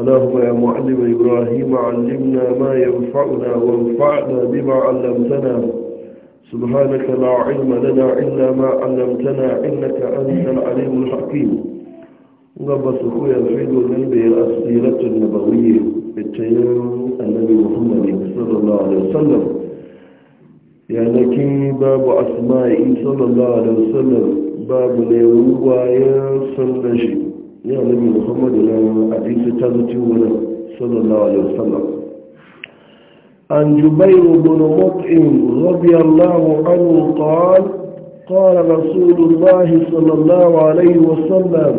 اللهم يا معلم إبراهيم علمنا ما ينفعنا وانفعنا بما علمتنا سبحانك لا علم لنا إلا ما علمتنا إنك أنت العليم الحكيم نبص خويا الحيد والنبي الأسيرة النبوية بالتيام النبي محمد صلى الله عليه وسلم يعني كي باب أسمائي صلى الله عليه وسلم باب ليوايا صلى الله عليه وسلم يا نبي محمد náà حديث tàbí tí wọ́n náà sọ́lọ́lá alẹ́sọ́lá عن جبير بن مطعم رضي الله عنه قال قال رسول الله صلى الله عليه وسلم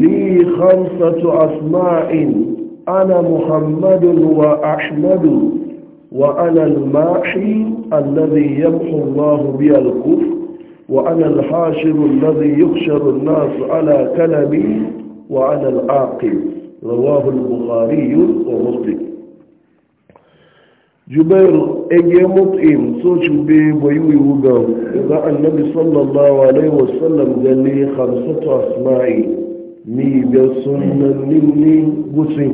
لي خمسة أسماء أنا محمد وأحمد وأنا الماحي الذي يمحو الله بي الكفر وأنا الحاشر الذي يحشر الناس على كلبي وأنا العاقل رواه البخاري ومسلم جبير اجي مطعم سوچ بي بيوي وغاو اذا النبي صلى الله عليه وسلم قال لي خمسة اسماء مي بسنة مني بسن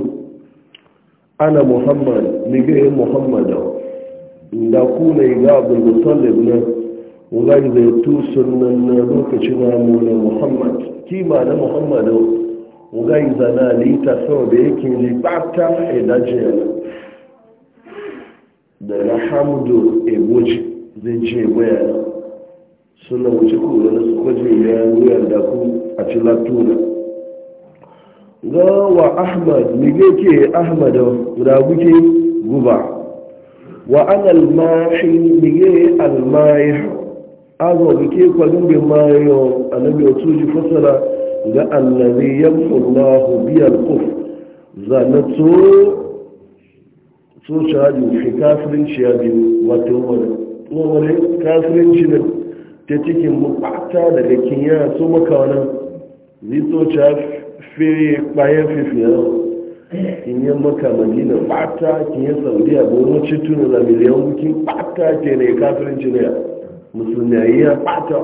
انا محمد نجي محمد دا كون ايغا عبد المطلب wani zai tu sunan lokacin lokaci na mula muhammad kima na muhammadu wani zana lita sau da yakin ji bata a dajiyar da na hamdu egoji zai ce waya suna wuce kura na su kwaje ya wuyar da ku a cilatuna ga wa ahmad mige ke ahmadu guda guke guba wa an almahi mige almahi azo ga ke kwalin bin mayo annabi otu ji fasara ga annabi yamhullahu biyal kuf zanato so shaji fi kafirinci ya biyu wata wani wani kafirinci ne ta cikin mukata da rikin ya so maka wani zito ta fi bayan fifiyar kinye maka madina bata kinye saudiya ba wani cikin da miliyan bukin bata ke ne kafirinci ne ya musulmi a yi ya fata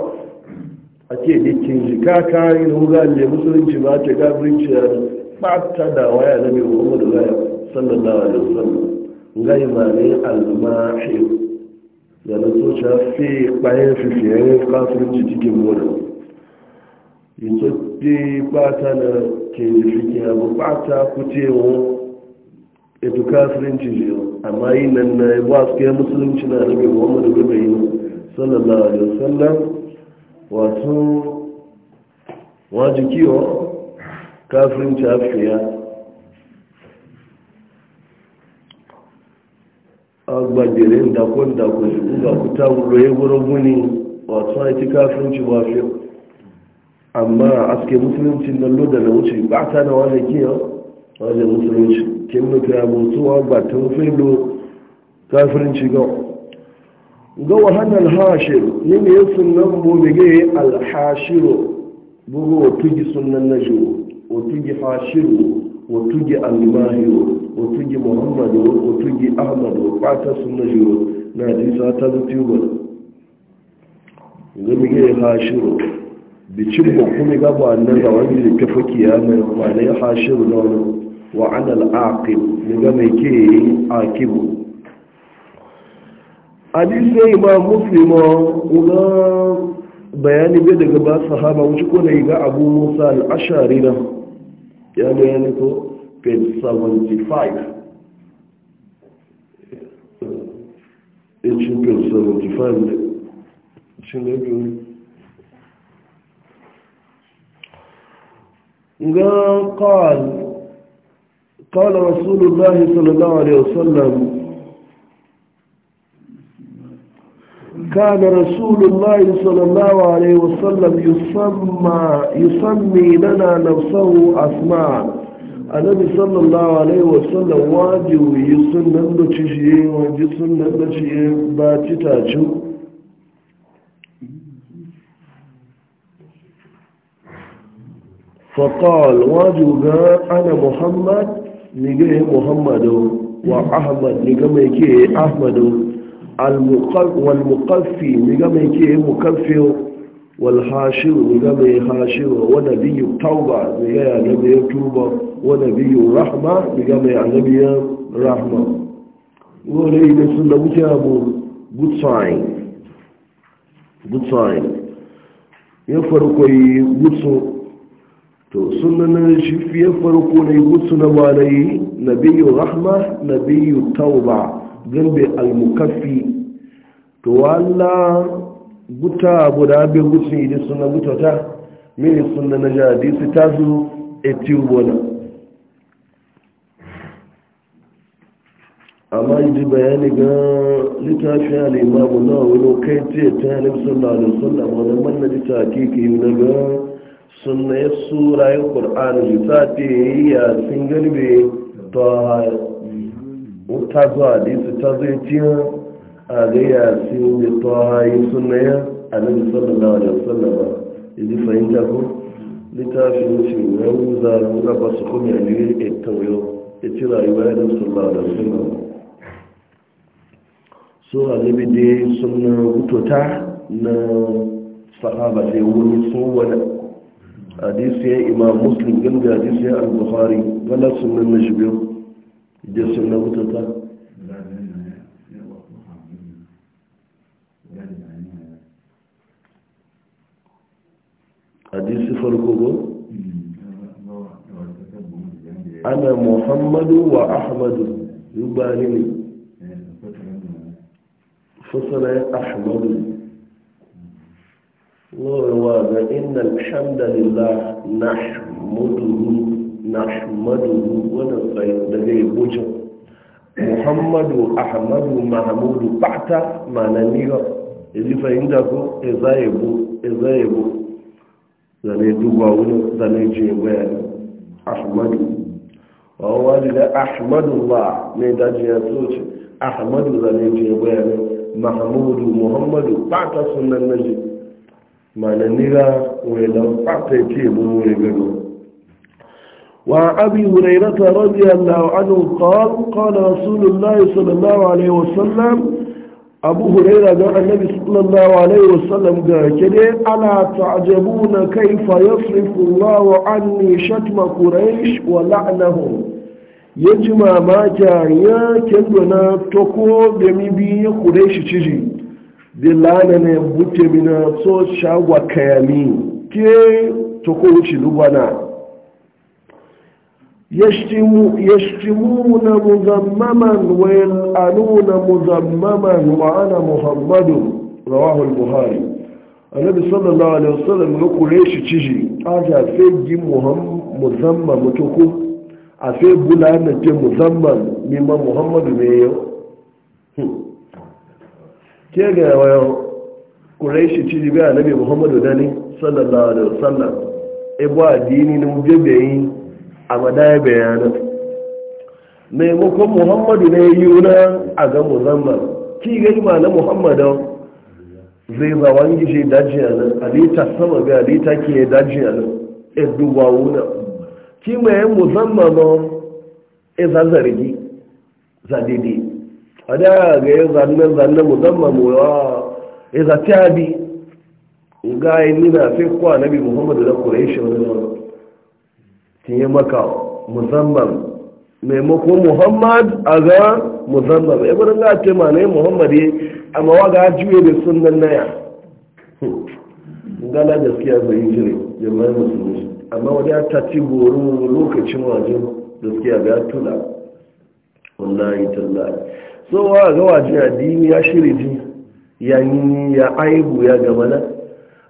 a ce da kinji ka kayi na wurare musulunci ba ta gabrinci ya fata da waya na mai muhammadu raya sallallahu alaihi wasallam ngai ma ne almahi da na so fi bayan fifiyayen kafirci cikin mura yanzu fata na kinji fikin abu fata kucewa eto jiyo amma yi nan na yi ba su musulunci na yi sallallahu alaihi wasallam wato waji kiwo kafin tafiya agbàgbèrè ǹdàkọ́ǹdàkọ́ ìgbàkúta wùrọ̀ ewúrọ̀gún ni wato a ti kafin ci ba amma a suke musulunci na loda na wuce ba ta na wani kiyo musulunci kin mutu ya mutuwa ba ta wufe lo kafin ci gawa ga wahannan hashir ni ne ya sunan bobege ga alhashiru bugu watugi sunan na jiro watugi hashiru watugi alimahiru watugi muhammadu watugi ahmadu kwata sunan jiro na jisa ta zutuba ga mi hashiru bicin ba kuma ga ba nan ga wani da ta faki ya mai kwanai hashiru na wani wa'an al'aqib ni ga mai ke yi akibu yi imam muslim una bayani bai daga ba sahaba wuce ko da ga abu musa al'ashari nan ya bayani ko page 75 قال قال 75 الله صلى da عليه وسلم كان رسول الله صلى الله عليه وسلم يسمى يسمي لنا نفسه أسماء النبي صلى الله عليه وسلم واجب يسنن دشيء واجب سنن دشيء باتي تاچو فقال واجب أنا محمد نجي محمد وأحمد نجي أحمد walmukafi ni ga mai ke mukafi walhashiru ni ga mai hashiru wadda biyu tauba ni ga ya zama ya tuba wadda biyu rahma ni ga mai alabiyar rahma wadda yi da sun labuke abu good sign good ya farko yi gutsu to sun shi fiye farko na yi gutsu na ba na yi na biyu rahma na biyu tauba gambe almukafi to walla buta guda biyu gutsun idi suna gutata mini suna na jadi su ta zo e etiyubona amma idi bayani ga littafi al'imamu na wani kai ce ta yanar sallallahu alaihi wasallam wani manna ta ke na ga sunna ya rayu ya ƙur'an ta ya sun galbe ta ta zuwa hadisi ta zo zai ciyo a gaya siyo da tawayi sunaya a nan sallallahu alaihi wasallam ya ji fahimta ko littafin shi ya wuza na ba su kuma yanzu ya tauyo ya ci rayuwa ya nasu sallallahu alaihi wasallam so a alibi dai suna hutota na sahaba sai wani tsohon hadisi ya imam muslim ganda hadisi ya al-bukhari wala sunan na shi جس لا وتطال حديث انا محمد واحمد يبالي إيه، فصل احمد الله ان الحمد لله نحمده nahmaduhu wa nasta'inuhu da zai goce muhammadu ahmadu mahmudu fata ma na nira ya ji fahimta ko ya zaye bu ya zaye bu zane duba wani zane ji ya gwaya ahmadu wa wa da ahmadu ba ne daji ya soce ahmadu zane ji ya gwaya ne muhammadu fata sunan na ji ma na nira wai don fata ya ce mun wuri وعن أبي هريرة رضي الله عنه قال قال رسول الله صلى الله عليه وسلم أبو هريرة قال النبي صلى الله عليه وسلم قال كده ألا تعجبون كيف يصرف الله عني شتم قريش ولعنهم يجمع ما جاريا كندنا تكو بمبي قريش تجي دلانا من صوت شاوى كيامين كي تكو تشلوانا يشتمون مذمما ويلعنون مذمما وأنا محمد رواه البخاري النبي صلى الله عليه وسلم يقول ليش تجي أجا فيجي مهم مذمم تكو أفي بلانة مذمم مما محمد ميو كيغا ويو قريش تجي بها النبي محمد داني صلى الله عليه وسلم إبوا ديني نمجبين a madaya bayanan maimakon muhammadu ne yi yuna a ga muzamman ki gani ma na muhammadan zai zawon gishe daji a nan alita sama ga alita ke daji a nan ɗuwa wuna ki mai muzamman ba ya zazzargi zadidi a daya ga yi zanen zanen muzamman mu yawa ya zati abi ga yi nina fi kwa nabi muhammadu na kureshi wani zama yi maka musamman maimakon muhammad a ga musamman ya gudun ga ce ma ne muhammad ya amma wa ga juye da sunan naya gala gaskiya zai yi jire jama'i musulmi amma wani ya tafi goro lokacin wajen gaskiya ga tula wallahi tallahi so wa ga wajen addini ya shirya ya yi ya aibu ya gabana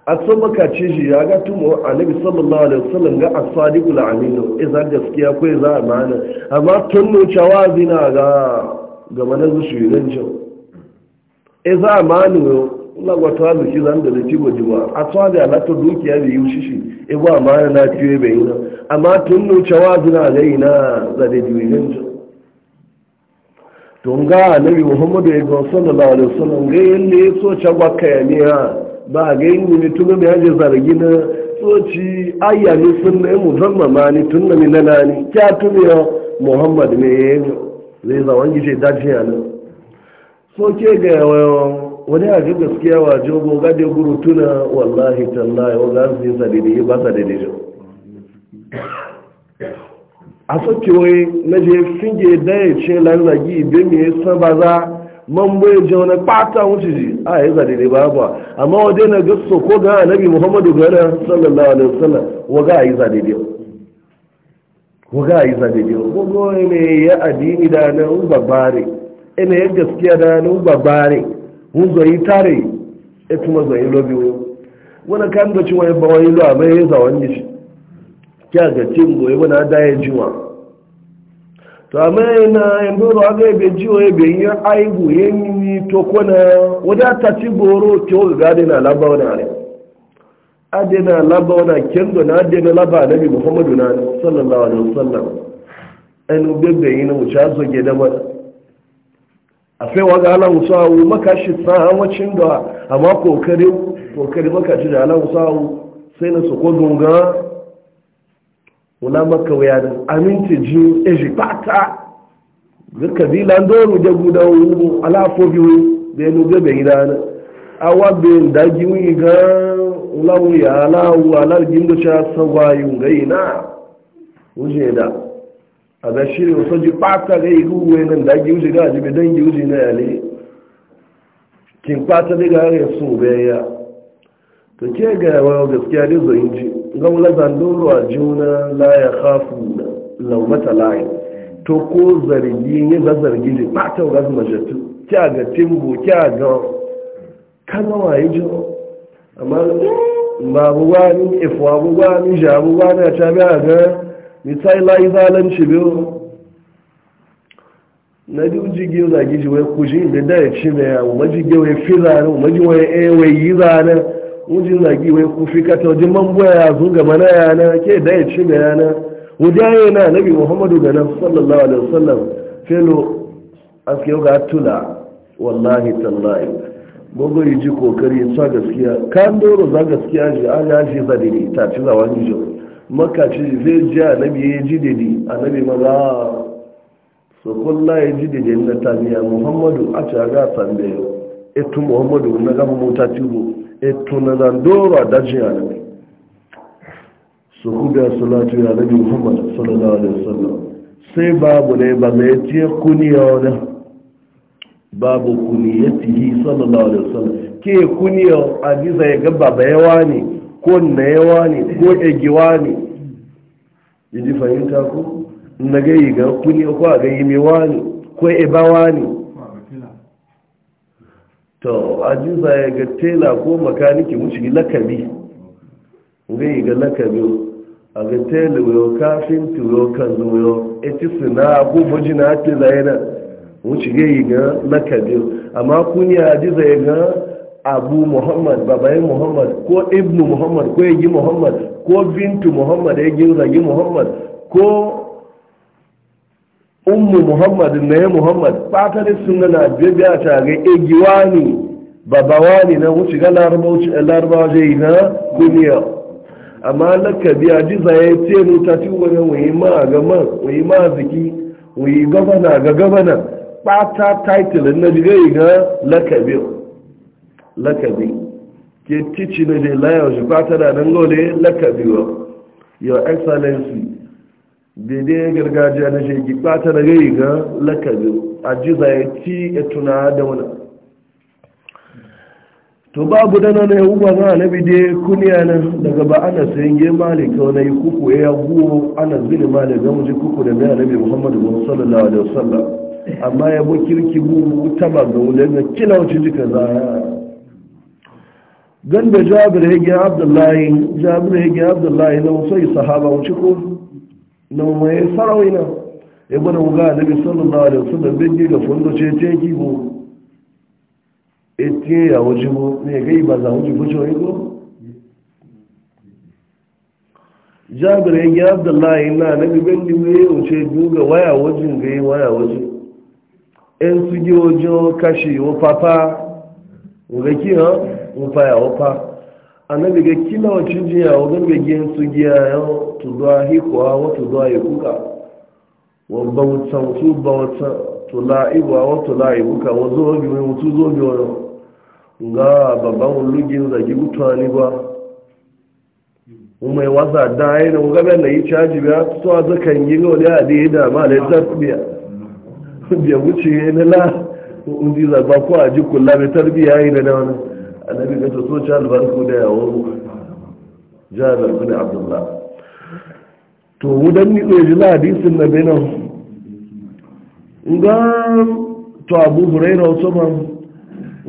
a makace shi ya ga tumo annabi sallallahu alaihi wasallam ga as-sadiqul aminu iza eh, gaskiya ko iza amana amma tunno cewa zina ga ga manan shi ran iza eh, amanu Allah wa ta'ala shi zan da lati gojiwa a so da to dukiya bi yi shi e eh, wa amana na tiye bai na amma tunno cewa zina alaina za da to ga annabi Muhammadu sallallahu alaihi wasallam ga so cewa ba a ga yin nemi tun da yaje zargi na tsoci ayyani, sun na yi musamman ma ni tun na nina na ni kya yau muhammad ne ya yi zai zawon gishe dace ya nan so ke ga wani a ga gaskiya wa jogo ga da guru tuna wallahi tallahi wa ga su yi sadidi ba sadidi jo a sokewa na je finge daya ce lanzagi ibe mai sabaza man bai ji wani fata wuce ji a yi zade da babu amma waje na ga soko ga annabi muhammadu gana sallallahu alaihi wasallam waga a yi zade da waga a yi zade da gogo ne ya addini da na babare ina ya gaskiya da na babare mun zoyi tare ya kuma zoyi lobi wani kan da ci wani bawai lo a mai ya zawon gishi kya ga cin goyi wani da ya jiwa to amma yana yanzu ba ga bai jiwo ya bai yi aibu ya yi to kona ta ci goro ke wani gadi na laba wani ne adina laba wani kendo na adina laba na bi muhammadu na sallallahu alaihi wasallam an bebe yi na wuce azo ge da mana a fai wa ga ala musawu makashi tsahan wacin da amma kokari kokari makashi da ala musawu sai na su ko gunga wula maka wayanin aminci ji eji pata ga kabila ndoru da guda wu alafo biyu da yanu gabe gida na ga ya gindo cha sawayu gai na da a ji ga igu ga dangi na yale kin daga ya ke gaskiya da zo inji gaula zandoro a juna la ya kafu laumata layi to ko zargi ne za zargi ne ba ta wasu majatu kya ga timbo kya ga kama waye jo amma ba buwa ni ifuwa buwa ni ja buwa na ta a ga misali layi zalunci biyu na biyu jigiyar zagi ji wai kuji da da ya ci mai maji gewa ya fi zane maji wai ewa eh, yi zane wujin zagi wai ku fi kata wajen man ya ya zunga mana yana ke da ya ci ga yana wajen na nabi muhammadu ga nan sallallahu alaihi wasallam felo aske ga tula wallahi tallahi gogo yi ji kokari ya sa gaskiya kan doro za gaskiya ji an ya ji za dini ta ci zawan gijo maka ci zai ji a nabi ya ji ma za maza so kullahi ya ji dini na tabiya muhammadu a ci ga tambayo etu muhammadu na gama mota ta tiro eto na zandoro a dajin annabi salatu ya nabi muhammad sallallahu alaihi wasallam sai babu ne ba mai tiye kuniya wani babu kuniyatihi sallallahu alaihi wasallam ke kuniyo adiza ya gaba ba ne ko na yawa ko egiwani ne ya fahimta ko na ga ko a gayi ko ebawani to ajuza ya ga tela ko makaniki mushi lakabi ngai ga lakabi a ga tela yo kafin tuyo kan zuyo eti suna ko na ta zaina mushi gai ga lakabi amma kunya ajuza ya ga abu muhammad babaye muhammad ko ibnu muhammad ko yaji muhammad ko bintu muhammad yaji zagi muhammad ko ummu muhammad na muhammad fatar suna na biya ta ga egiwa ne babawa ne na wuce ga larabawa zai na duniya amma lakabi a ji zaye ce mu ta ci wani wani ma ga gama wani ma a ziki wani gabana ga gabana fata title na yi ga lakabi lakabi ke tici na je layar shi fata da nan gole lakabi wa your excellency daidai gargajiya na shegi ɓata da gai ga lakabi a ji ci ya tuna da wani to babu dana na yawu ba za a nabi dai kuniya nan daga ba ana sayin yi malika wani yi kuku ya yawo ana zini malika zama ji kuku da mai nabi muhammadu bin sallallahu alaihi wasallam amma ya bo kirki bu ta ba ga wani da kila wacce ji za a ganda jabir hegin abdullahi jabir abdullahi na wasu sahaba wuce ko na mai sarawai na ya gwada wuga da bi sallallahu alaihi su da ji ga fundo ce ce ki go ete ya wuce mu ne gai ba za wuce fuce wani go jabir ya gya abdullahi na na bi bin di mai wuce duga waya wajen gai waya waje 'yan su gi wajen kashi wa papa wuga ki ha wupa ya wupa annabi ga kila wacin jiya wajen ga gen su giya yau tudahikuwa wa tudahikuka wa bautan su bautan tula'ibuwa wata tula'ibuka wa zobe mai mutu zobe wani ga babban lugin zagi gutani ba mai wasa da ya yi gaben da yi caji biya su a zakan yi wani adi da dama da ya biya biya wuce ya na la undi zaba ko a ji kula mai tarbiya yi da wani annabi ga ta so ci albarku da yawon jihar abdullahi to wudan nitsa ji ladisin na benin ga to abu huraira wasu ma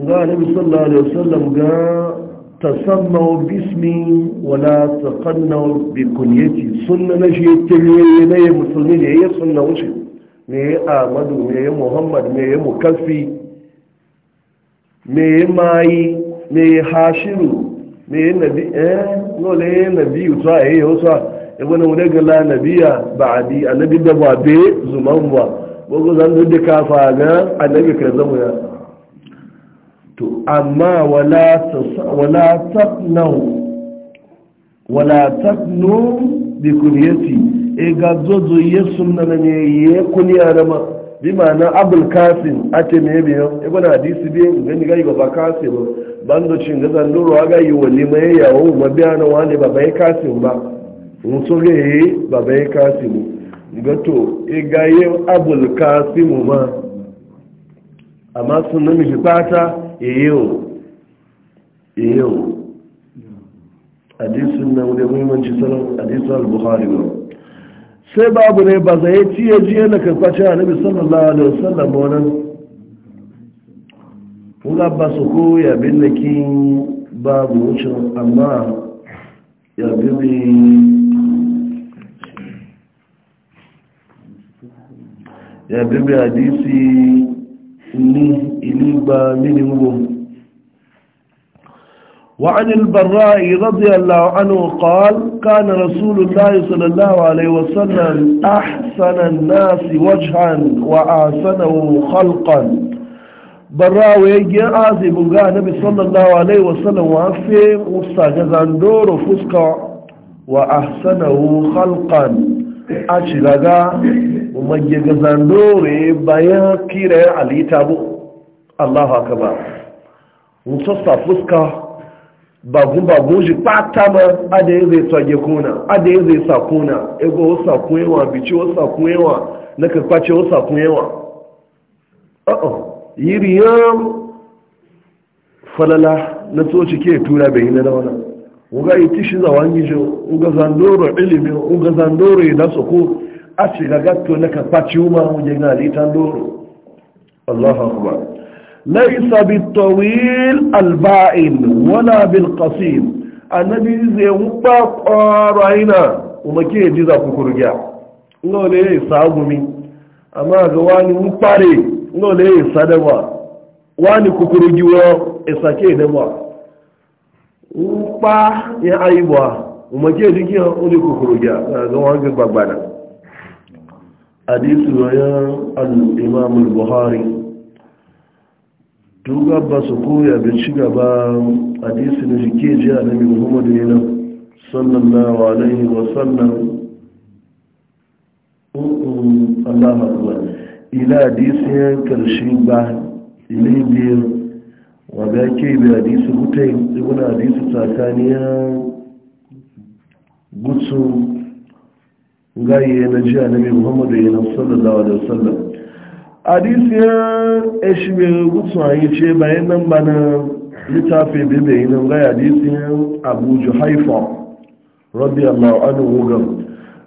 ga anabi sallallahu alaihi wasallam ga tasammaw bismi wala taqannaw bi kunyati sunna na shi tiriye na ya musulmi ne ya sunna wuce me ya amadu me ya muhammad me ya mukaffi me ya mayi me ya hashiru me ya nabi eh no ya nabi to yi wasu ibn wadaga la nabiya ba'adi annabi da ba be zuman ba bugu zan da ka faga annabi ka zamu ya to amma wala wala taqnu wala taqnu bi kunyati e ga zozo yesu na ne ye kunya da ma bi ma'ana abul kasim ate me biyo ibn hadisi bi gani ga ba kasim bando cin ga zan duro ga yi wali mai yawo mabiyana wani ba bai kasim ba mutu ga yi babai kasimu gato igayen abul kasimu ma amma sun namiji fata yayo yayo hadisun nan da muhimmanci sanar hadisun al-bukhari ba sai babu ne ba zai ciye jiye na karfacin annabi sallallahu alaihi wasallam wannan kula ba su ko ya bin babu wucin amma ya bibi ya bebe hadisi ni iligba mini mugu وعن البراء رضي الله عنه قال كان رسول الله صلى الله عليه وسلم أحسن الناس وجها وأحسنه خلقا براء ويجي عازب قال النبي صلى الله عليه وسلم وعفه مستغزان دور فسكا وأحسنه خلقا أشلغا umarge ga zandore bayan firayen alita bu Allahu akaba. ba musassa fuska bagun-bagun shi pata ma adayin zai tsage kuna adayin zai sakuna ego o sakun yawa bici o sakun yawa na kakwace o sakun yawa uh-oh yiriyan falala na tsoci ke tura bai yi na dauna uga yi shi zawon gijo uga zandoro ilimi uga zandoro ya da su ko a shiga gatto na kafaci ma wajen halittar doro Allah akbar laisa bitawil alba'in wala bil qasim annabi zai wuba kwaraina kuma ke ji za ku kurgiya ngole ya isa gumi amma ga wani wupare ngole ya isa dawa wani kukurugiwa isa ke dawa wupa ya aibuwa kuma ke jikin wani kukurugiya ga wani gbagbana hadisi ya al-imam al-buhari duga su koya da ci gaba hadisi na jike ji annabi ne nan sallallahu alaihi wa sallam Allah akbar ila hadisi ya karshe ba ile biyar wa ba ke bi hadisi gutai ibn hadisi tsakaniya gutsu gaye na ji annabi muhammadu yana sallallahu alaihi wasallam eshi eshimir gutsu an ce bayan nan ba na littafi bebe yi nan gaya hadisiyar abu juhaifa rabbi allahu anhu gam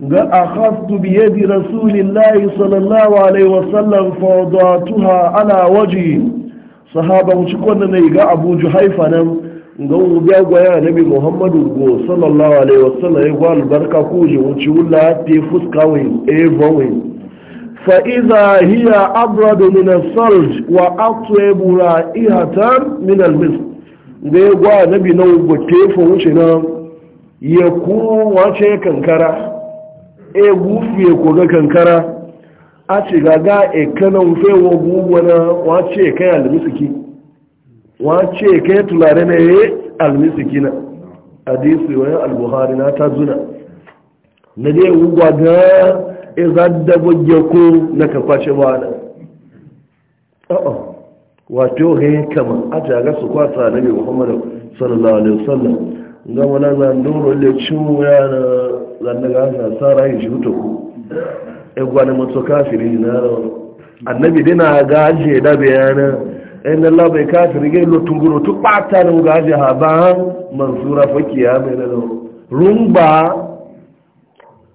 ga akhadtu bi yadi rasulillahi sallallahu alaihi wasallam fa wadatuha ala waji sahaba mu ci kwanan ne ga abu juhaifa nan ga mu biya gwaya nabi muhammadu go sallallahu alaihi wasallam ya gwa albarka ko je wuce wula te fuska wai eva wai fa idha hiya abrad min as-salj wa atwab ra'ihatan min al-misk ga ya gwa nabi na go te fo wuce na ya ku wace kankara e gufi ko ga kankara a ce ga ga e kanan fewo gugwana wace kai al-miski wace kai tulare ne ya yi almisikina hadisi wani albuhari na ta zuna na dai wugwa ga izadda bugge ko na ka kwace ba na a'a wato ga kama a jaga su kwata bi muhammadu sallallahu alaihi wasallam ga wala zan doro le cin ya na zan daga sa sara yi shi ku e gwanin mutu kafirin na annabi dina gaje da bayanan ɗayan da labai kafin rigai lotunguro tu ɓata da muka haji ha bayan mansura fakiya mai da rumba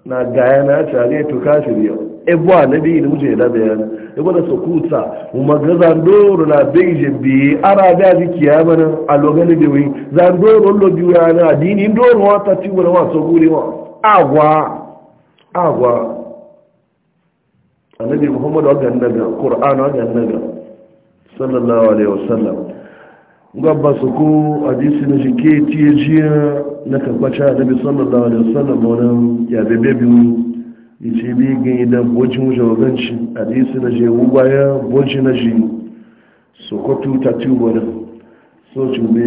na gaya na tare to kafin yau ebuwa na biyu da mutum da bayan ebo da sokuta magaza ndoro na beije bi ara da ji kiyama na alogani da wai za ndoro lo biyu ya na dini ndoro wata ci wani wasu gure wa agwa agwa annabi muhammadu wa gannaga qur'an wa gannaga sallallahu alaihi wasallam gabba su ko hadisi na shike tiye jiya na karbacha da bi sallallahu alaihi wasallam wannan ya bebe biyu ce bi gani da bojin jawabanci hadisi na je ubaya boji na ji su ko tu tatu wala so ci bi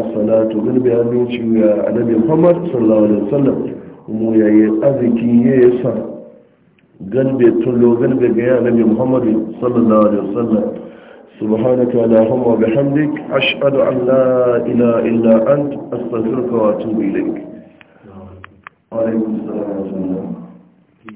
as-salatu gani bi ci ya annabi Muhammad sallallahu alaihi wasallam mu yi aziki yi sa galbe tullo galbe ga ya annabi Muhammad sallallahu alaihi wasallam سبحانك اللهم وبحمدك أشهد أن لا إله إلا أنت أستغفرك وأتوب إليك وعليكم السلام ورحمة الله